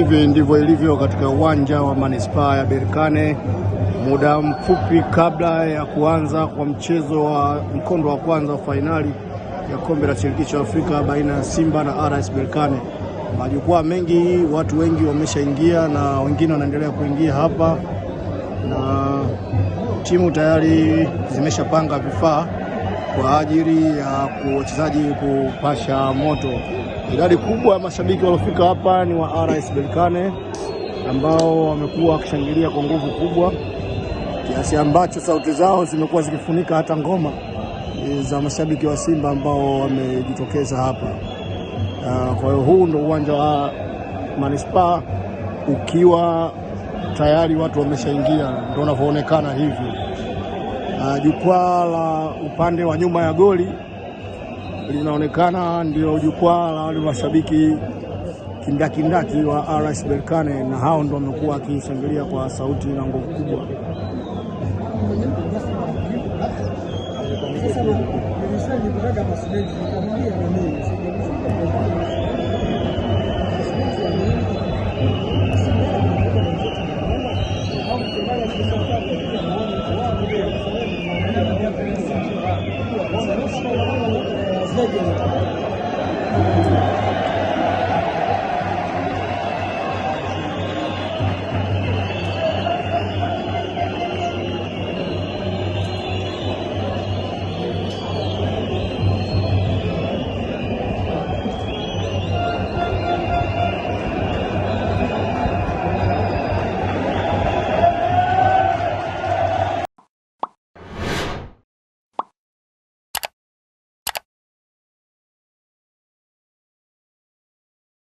Hivi ndivyo ilivyo katika uwanja wa manispaa ya Berkane muda mfupi kabla ya kuanza kwa mchezo wa mkondo wa kwanza wa fainali ya kombe la shirikisho Afrika baina ya Simba na RS Berkane. Majukwaa mengi, watu wengi wameshaingia na wengine wanaendelea kuingia hapa, na timu tayari zimeshapanga vifaa kwa ajili ya wachezaji kupasha moto. Idadi kubwa ya mashabiki waliofika hapa ni wa RS Berkane ambao wamekuwa wakishangilia kwa nguvu kubwa kiasi ambacho sauti zao zimekuwa zikifunika hata ngoma eh, za mashabiki wa Simba ambao wamejitokeza hapa. Ah, kwa hiyo huu ndo uwanja wa manispaa ukiwa tayari watu wameshaingia, ndio unavyoonekana hivi. Uh, jukwaa la upande wa nyuma ya goli linaonekana ndio jukwaa la wale mashabiki kindakindaki wa RS Berkane, na hao ndio wamekuwa wakishangilia kwa sauti na nguvu kubwa. 大丈夫。